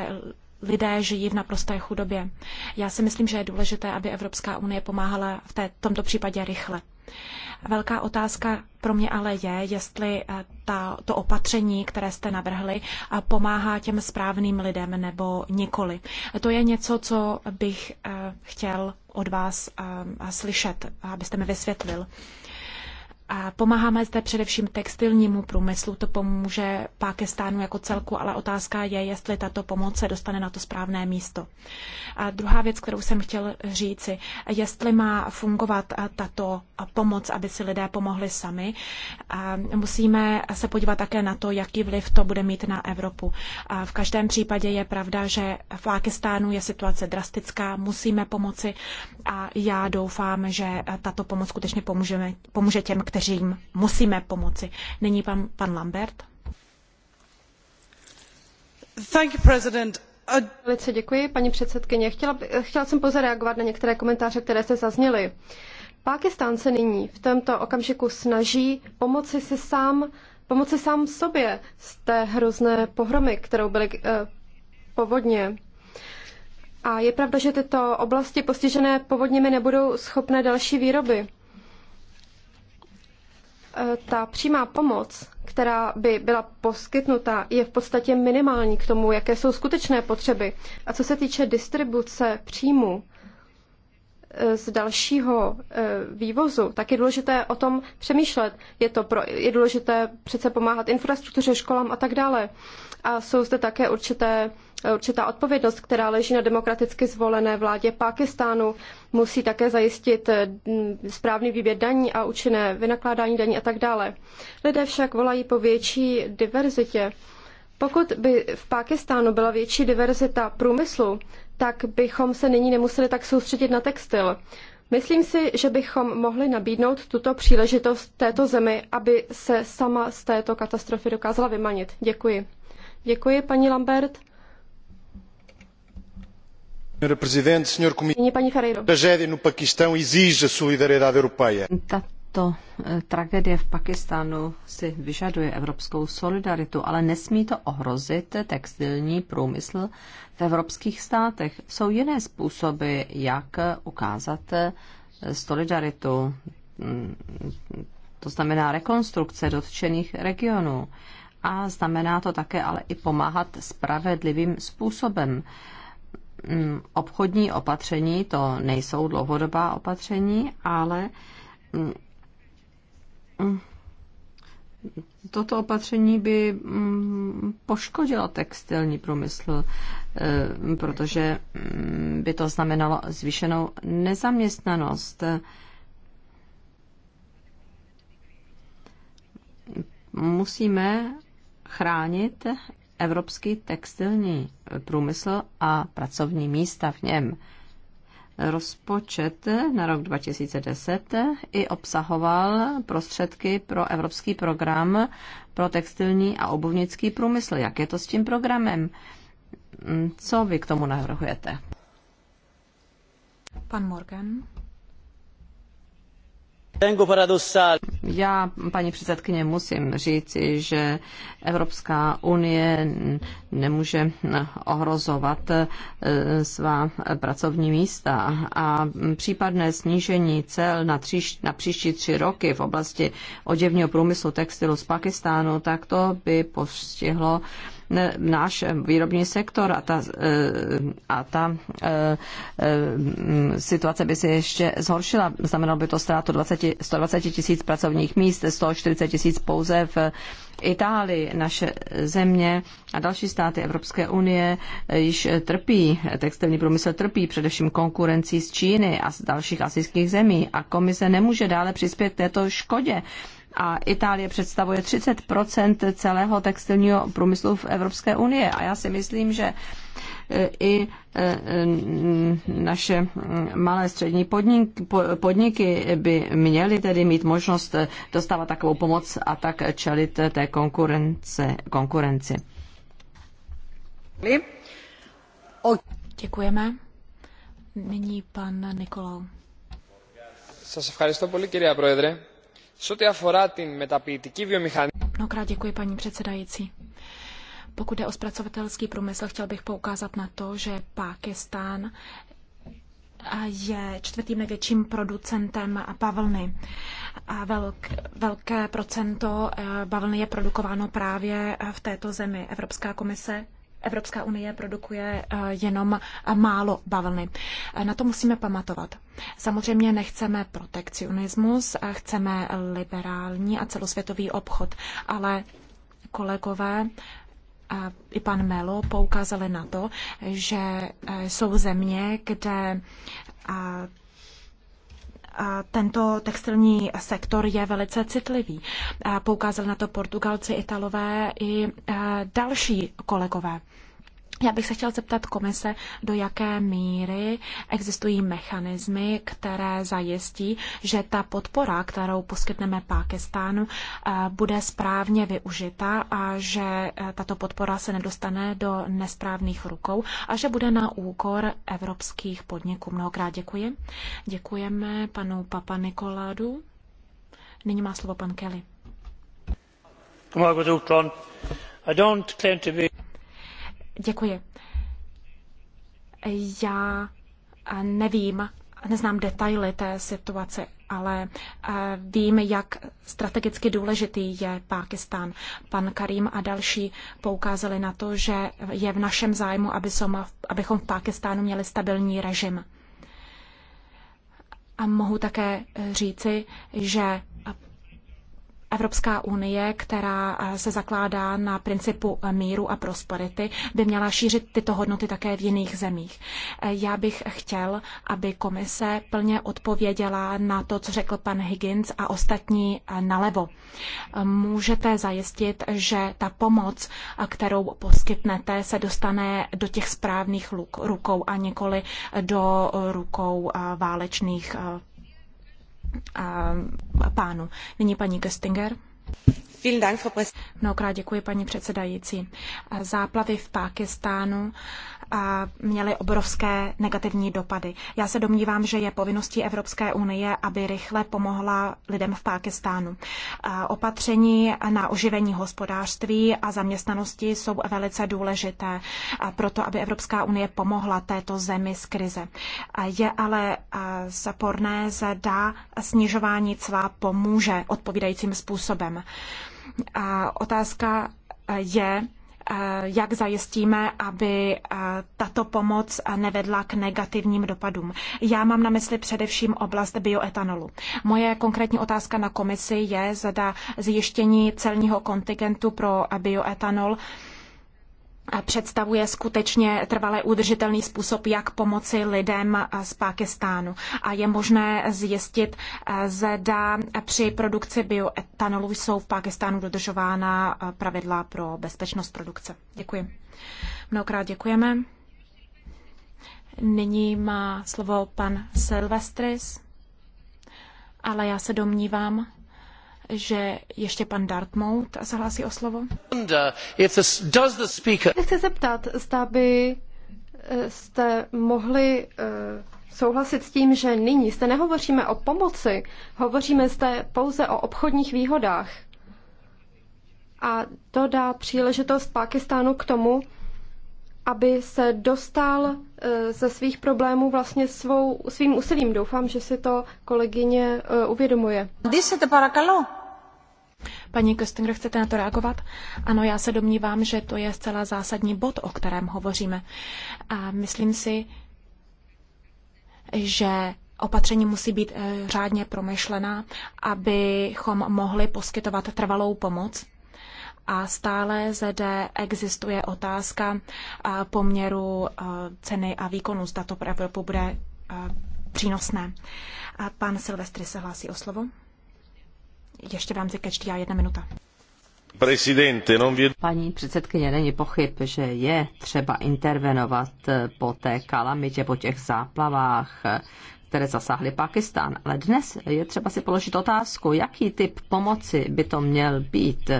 lidé žijí v naprosté chudobě. Já si myslím, že je důležité, aby Evropská unie pomáhala v té, tomto případě rychle. Velká otázka pro mě ale je, jestli eh, ta, to opatření, které jste navrhli, eh, pomáhá těm správným lidem nebo nikoli. To je něco, co bych eh, chtěl od vás slyšet, abyste mi vysvětlil. A pomáháme zde především textilnímu průmyslu, to pomůže Pákistánu jako celku, ale otázka je, jestli tato pomoc se dostane na to správné místo. A druhá věc, kterou jsem chtěl říci, jestli má fungovat tato pomoc, aby si lidé pomohli sami, a musíme se podívat také na to, jaký vliv to bude mít na Evropu. A v každém případě je pravda, že v Pákistánu je situace drastická, musíme pomoci a já doufám, že tato pomoc skutečně pomůže, pomůže těm, kteří kterým musíme pomoci. Není pan, pan Lambert? Thank you, President. Velice děkuji, paní předsedkyně. Chtěla, chtěla jsem pouze reagovat na některé komentáře, které se zazněly. Pákistán se nyní v tomto okamžiku snaží pomoci si sám, pomoci sám sobě z té hrozné pohromy, kterou byly eh, povodně. A je pravda, že tyto oblasti postižené povodněmi nebudou schopné další výroby ta přímá pomoc, která by byla poskytnuta, je v podstatě minimální k tomu, jaké jsou skutečné potřeby. A co se týče distribuce příjmu eh, z dalšího eh, vývozu, tak je důležité o tom přemýšlet. Je, to pro, je důležité přece pomáhat infrastruktuře, školám a tak dále. A jsou zde také určité určitá odpovědnost, která leží na demokraticky zvolené vládě Pákistánu. Musí také zajistit mm, správný výběr daní a účinné vynakládání daní a tak dále. Lidé však volají po větší diverzitě. Pokud by v Pákistánu byla větší diverzita průmyslu, tak bychom se nyní nemuseli tak soustředit na textil. Myslím si, že bychom mohli nabídnout tuto příležitost této zemi, aby se sama z této katastrofy dokázala vymanit. Děkuji. Děkuji, paní Lambert. No Tato eh, tragédie v Pakistánu si vyžaduje evropskou solidaritu, ale nesmí to ohrozit textilní průmysl v evropských státech. Jsou jiné způsoby, jak ukázat eh, solidaritu, mm, to znamená rekonstrukce dotčených regionů a znamená to také ale i pomáhat spravedlivým způsobem. Mm, obchodní opatření to nejsou dlouhodobá opatření, ale mm, mm, toto opatření by poškodilo textilní průmysl, eh, protože by to znamenalo zvýšenou nezaměstnanost. Musíme chránit evropský textilní průmysl a pracovní místa v něm. Rozpočet na rok 2010 i obsahoval prostředky pro evropský program pro textilní a obuvnický průmysl. Jak je to s tím programem? Co vy k tomu navrhujete? Pan Morgan. Já, paní předsedkyně, musím říci, že Evropská unie nemůže ohrozovat eh, svá pracovní místa a případné snížení cel na, tři, na příští tři roky v oblasti oděvního průmyslu textilu z Pakistánu, tak to by postihlo náš výrobní sektor a ta, e, a ta e, e, situace by se ještě zhoršila. Znamenalo by to ztrátu 20, 120 tisíc pracovních míst, 140 tisíc pouze v Itálii, naše země a další státy Evropské unie již trpí, textilní průmysl trpí především konkurencí z Číny a z dalších asijských zemí a komise nemůže dále přispět k této škodě a Itálie představuje 30 celého textilního průmyslu v Evropské unii. A já si myslím, že eh, i eh, naše hm, malé střední podniky by měly tedy mít možnost eh, dostávat takovou pomoc a tak čelit té konkurence, konkurenci. Děkujeme. Nyní pan Nikolau. Σας ευχαριστώ Mnohokrát děkuji, paní předsedající. Pokud jde o zpracovatelský průmysl, chtěl bych poukázat na to, že Pákistán je čtvrtým největším producentem bavlny. A velk, velké procento eh, bavlny je produkováno právě v této zemi. Evropská komise Evropská unie produkuje eh, jenom eh, málo bavlny. Eh, na to musíme pamatovat. Samozřejmě nechceme protekcionismus, chceme liberální a celosvětový obchod, ale kolegové i pan Melo poukázali na to, že jsou země, kde tento textilní sektor je velice citlivý. Poukázali na to Portugalci, Italové i eh, další kolegové. Já bych se chtěl zeptat komise, do jaké míry existují mechanismy, které zajistí, že ta podpora, kterou poskytneme Pákistánu, eh, bude správně využita a že eh, tato podpora se nedostane do nesprávných rukou a že bude na úkor evropských podniků. Mnohokrát děkuji. Děkujeme panu Papa Nikoládu. Nyní má slovo pan Kelly. I don't claim to be... Děkuji. Já eh, nevím, neznám detaily té situace, ale eh, vím, jak strategicky důležitý je Pákistán. Pan Karim a další poukázali na to, že je v našem zájmu, aby abychom v Pákistánu měli stabilní režim. A mohu také říci, že Evropská unie, která eh, se zakládá na principu eh, míru a prosperity, by měla šířit tyto hodnoty také v jiných zemích. Eh, já bych chtěl, aby komise plně odpověděla na to, co řekl pan Higgins a ostatní nalevo. Můžete zajistit, že ta pomoc, kterou poskytnete, se dostane do těch správných rukou a nikoli do rukou válečných a pánu. Nyní paní Kestinger. Mnohokrát děkuji, paní předsedající. Záplavy v Pákistánu měly obrovské negativní dopady. Já se domnívám, že je povinností Evropské unie, aby rychle pomohla lidem v Pákistánu. Opatření na oživení hospodářství a zaměstnanosti jsou velice důležité proto, aby Evropská unie pomohla této zemi z krize. Je ale sporné, zda snižování cla pomůže odpovídajícím způsobem. A otázka eh, je, eh, jak zajistíme, aby eh, tato pomoc nevedla k negativním dopadům. Já mám na mysli především oblast bioetanolu. Moje konkrétní otázka na komisi je, zda zjištění celního kontingentu pro bioetanol představuje skutečně trvale udržitelný způsob, jak pomoci lidem eh, z Pákistánu. A je možné zjistit, eh, zda při produkci bioetanolu jsou v Pákistánu dodržována eh, pravidla pro bezpečnost produkce. Děkuji. Mnohokrát děkujeme. Nyní má slovo pan Silvestris, ale já se domnívám, že ještě pan Dartmouth se hlásí o slovo. Chci se ptát, zda by eh, jste mohli eh, souhlasit s tím, že nyní zde nehovoříme o pomoci, hovoříme zde pouze o obchodních výhodách. A to dá příležitost Pákistánu k tomu, aby se dostal eh, ze svých problémů vlastně svou, svým úsilím. Doufám, že si to kolegyně uvědomuje. Když se to parakalo? Paní Köstinger, chcete na to reagovat? Ano, já se domnívám, že to je zcela zásadní bod, o kterém hovoříme. A myslím si, že opatření musí být eh, řádně promyšlená, abychom mohli poskytovat trvalou pomoc. A stále zde existuje otázka eh, poměru eh, ceny a výkonu, zda to pro Evropu bude přínosné. A pan Silvestry se hlásí o slovo. Ještě v rámci jedna minuta. Paní předsedkyně, není pochyb, že je třeba intervenovat po té kalamitě, po těch záplavách, které zasáhly Pakistán. Ale dnes je třeba si položit otázku, jaký typ pomoci by to měl být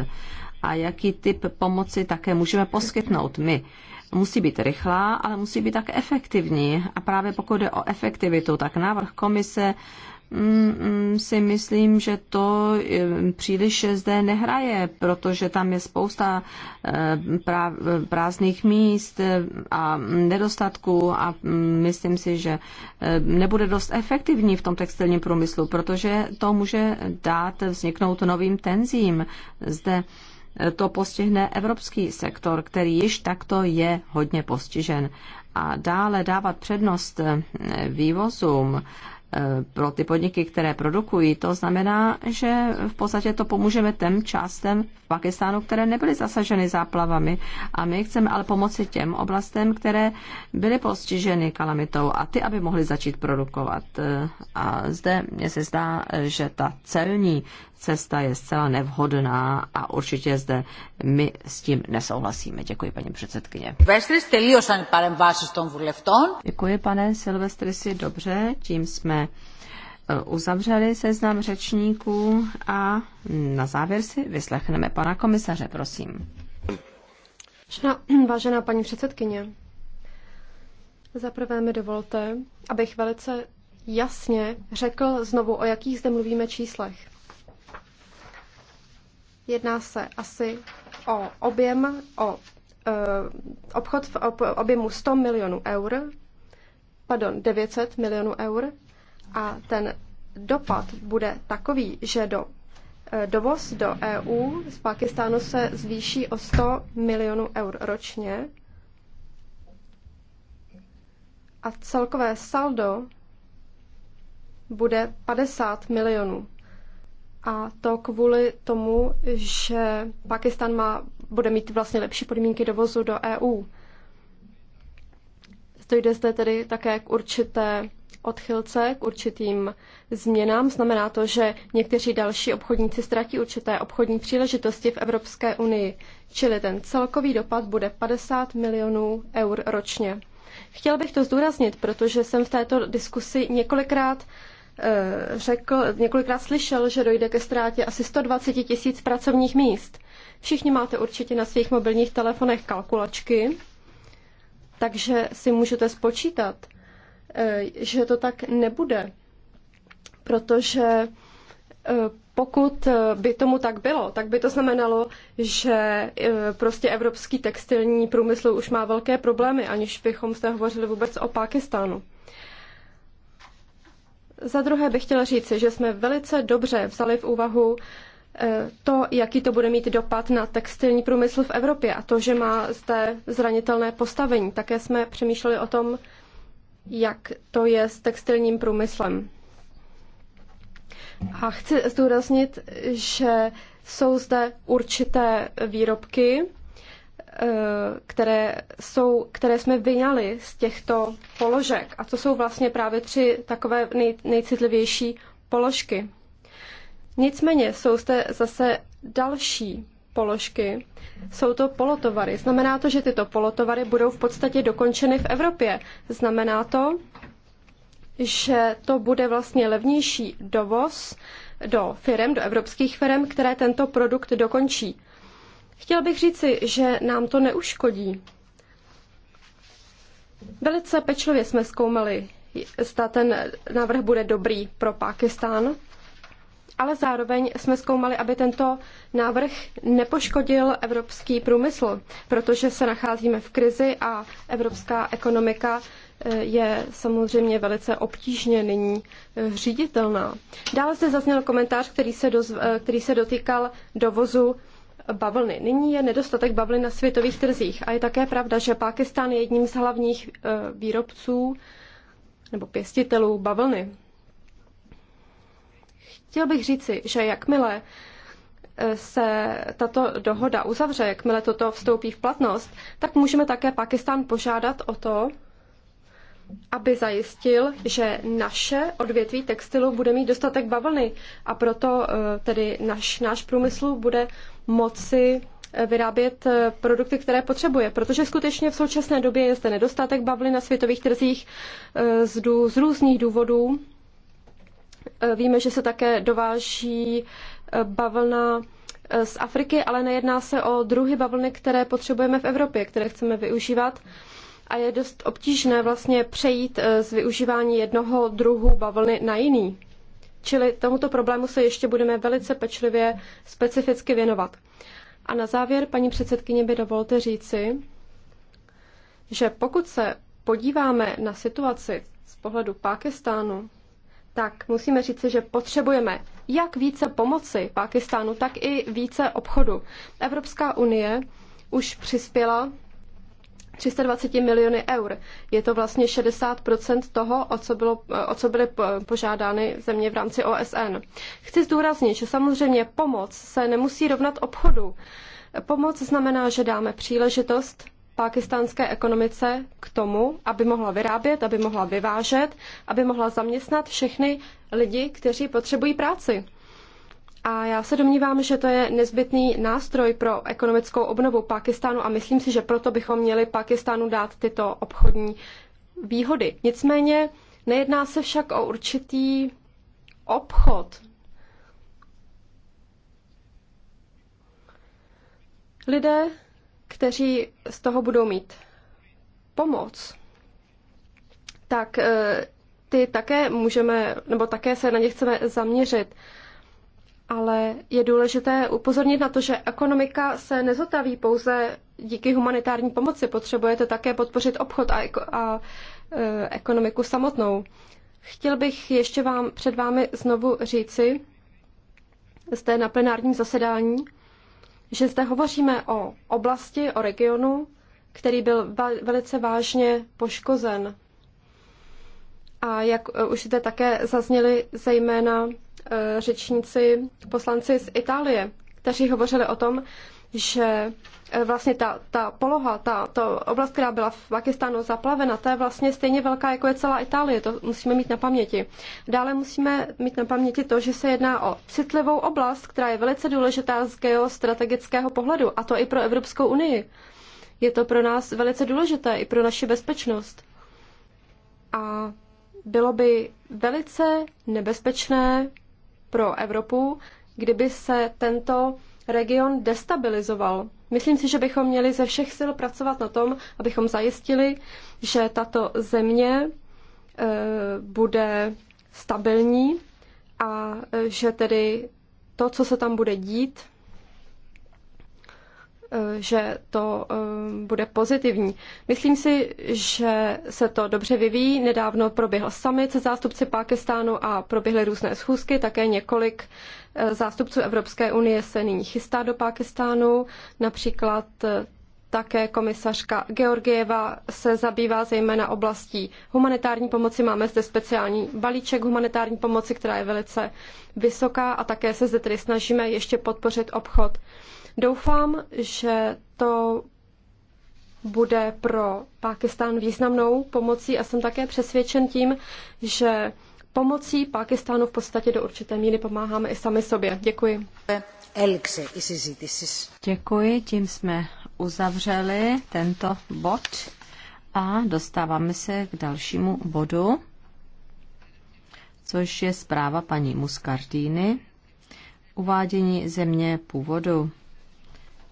a jaký typ pomoci také můžeme poskytnout my. Musí být rychlá, ale musí být také efektivní. A právě pokud jde o efektivitu, tak návrh komise Mm, mm, si myslím, že to eh, příliš zde nehraje, protože tam je spousta eh, prázdných míst eh, a nedostatků a mm, myslím si, že nebude dost efektivní v tom textilním průmyslu, protože to může dát vzniknout novým tenzím. Zde to postihne evropský sektor, který již takto je hodně postižen. A dále dávat přednost vývozům Eh, pro ty podniky, které produkují, to znamená, že v podstatě to pomůžeme těm částem v Pakistánu, které nebyly zasaženy záplavami. A my chceme ale pomoci těm oblastem, které byly postiženy kalamitou a ty, aby mohly začít produkovat. Eh, a zde mně se zdá, že ta celní cesta je zcela nevhodná a určitě zde my s tím nesouhlasíme. Děkuji, paní předsedkyně. Děkuji, pane Silvestrisi, dobře, tím jsme Eh, uzavřeli seznam řečníků a na závěr si vyslechneme pana komisaře, prosím. Vážená paní předsedkyně, zaprvé mi dovolte, abych velice jasně řekl znovu, o jakých zde mluvíme číslech. Jedná se asi o objem, o e, obchod v objemu 100 milionů eur, pardon, 900 milionů eur, a ten dopad bude takový, že do eh, dovoz do EU z Pakistánu se zvýší o 100 milionů eur ročně a celkové saldo bude 50 milionů. A to kvůli tomu, že Pakistan má, bude mít vlastně lepší podmínky dovozu do EU. jde zde tedy také k určité odchylce k určitým změnám. Znamená to, že někteří další obchodníci ztratí určité obchodní příležitosti v Evropské unii, čili ten celkový dopad bude 50 milionů eur ročně. Chtěl bych to zdůraznit, protože jsem v této diskusi několikrát eh, řekl, několikrát slyšel, že dojde ke ztrátě asi 120 tisíc pracovních míst. Všichni máte určitě na svých mobilních telefonech kalkulačky, takže si můžete spočítat, Eh, že to tak nebude, protože eh, pokud eh, by tomu tak bylo, tak by to znamenalo, že prostě evropský textilní průmysl už má velké problémy, aniž bychom zde hovořili vůbec o Pákistánu. Za druhé bych chtěla říci, že jsme velice dobře vzali v úvahu to, jaký to bude mít dopad na textilní průmysl v Evropě a to, že má zde zranitelné postavení. Také jsme přemýšleli o tom, jak to je s textilním průmyslem. A chci zdůraznit, že jsou zde určité výrobky, eh, které, jsou, které jsme vyňali z těchto položek. A to jsou vlastně právě tři takové nej, nejcitlivější položky. Nicméně jsou zde zase další položky jsou to polotovary. Znamená to, že tyto polotovary budou v podstatě dokončeny v Evropě. Znamená to, že to bude vlastně levnější dovoz do firm, do evropských firm, které tento produkt dokončí. Chtěl bych říci, že nám to neuškodí. Velice pečlivě jsme zkoumali, zda ten návrh bude dobrý pro Pákistán, ale zároveň jsme zkoumali, aby tento návrh nepoškodil evropský průmysl, protože se nacházíme v krizi a evropská ekonomika eh, je samozřejmě velice obtížně nyní eh, říditelná. Dále se zazněl komentář, který se, dozv, eh, který se dotýkal dovozu bavlny. Nyní je nedostatek bavlny na světových trzích a je také pravda, že Pákistán je jedním z hlavních výrobců nebo pěstitelů bavlny. Chtěl bych říci, že jakmile eh, se tato dohoda uzavře, jakmile toto vstoupí v platnost, tak můžeme také Pakistán požádat o to, aby zajistil, že naše odvětví textilu bude mít dostatek bavlny a proto eh, tedy naš, náš průmysl bude moci eh, vyrábět produkty, které potřebuje, protože skutečně v současné době je zde nedostatek bavlny na světových trzích z, dů, z různých důvodů Eh, víme, že se také dováží eh, bavlna eh, z Afriky, ale nejedná se o druhy bavlny, které potřebujeme v Evropě, které chceme využívat. A je dost obtížné vlastně přejít z využívání jednoho druhu bavlny na jiný. Čili tomuto problému se ještě budeme velice pečlivě specificky věnovat. A na závěr, paní předsedkyně, by dovolte říci, že pokud se podíváme na situaci z pohledu Pákistánu, tak musíme říci, že potřebujeme jak více pomoci Pákistánu, tak i více obchodu. Evropská unie už přispěla 320 miliony eur. Je to vlastně 60 toho, o co, bylo, o co byly požádány země v rámci OSN. Chci zdůraznit, že samozřejmě pomoc se nemusí rovnat obchodu. Pomoc znamená, že dáme příležitost pákistánské ekonomice k tomu, aby mohla vyrábět, aby mohla vyvážet, aby mohla zaměstnat všechny lidi, kteří potřebují práci. A já se domnívám, že to je nezbytný nástroj pro ekonomickou obnovu Pákistánu a myslím si, že proto bychom měli Pákistánu dát tyto obchodní výhody. Nicméně nejedná se však o určitý obchod. Lidé kteří z toho budou mít pomoc, tak eh, ty také můžeme, nebo také se na ně chceme zaměřit. Ale je důležité upozornit na to, že ekonomika se nezotaví pouze díky humanitární pomoci. Potřebujete také podpořit obchod a, a e, ekonomiku samotnou. Chtěl bych ještě vám před vámi znovu říci, zde na plenárním zasedání, že zde hovoříme o oblasti, o regionu, který byl velice vážně poškozen. A jak e, už zde také zazněli zejména e, řečníci, poslanci z Itálie, kteří hovořili o tom, že Eh, vlastně ta, ta poloha, ta, ta oblast, která byla v Pakistánu zaplavena, ta je vlastně stejně velká, jako je celá Itálie. To musíme mít na paměti. Dále musíme mít na paměti to, že se jedná o citlivou oblast, která je velice důležitá z geostrategického pohledu, a to i pro Evropskou unii. Je to pro nás velice důležité, i pro naši bezpečnost. A bylo by velice nebezpečné pro Evropu, kdyby se tento region destabilizoval Myslím si, že bychom měli ze všech sil pracovat na tom, abychom zajistili, že tato země e, bude stabilní a e, že tedy to, co se tam bude dít, Eh, že to eh, bude pozitivní. Myslím si, že se to dobře vyvíjí. Nedávno proběhl summit se zástupci Pákistánu a proběhly různé schůzky. Také několik eh, zástupců Evropské unie se nyní chystá do Pákistánu. Například také komisařka Georgieva se zabývá zejména oblastí humanitární pomoci. Máme zde speciální balíček humanitární pomoci, která je velice vysoká a také se zde tedy snažíme ještě podpořit obchod. Doufám, že to bude pro Pákistán významnou pomocí a jsem také přesvědčen tím, že pomocí Pákistánu v podstatě do určité míry pomáháme i sami sobě. Děkuji. Děkuji, tím jsme uzavřeli tento bod a dostáváme se k dalšímu bodu, což je zpráva paní Muscardini, uvádění země původu.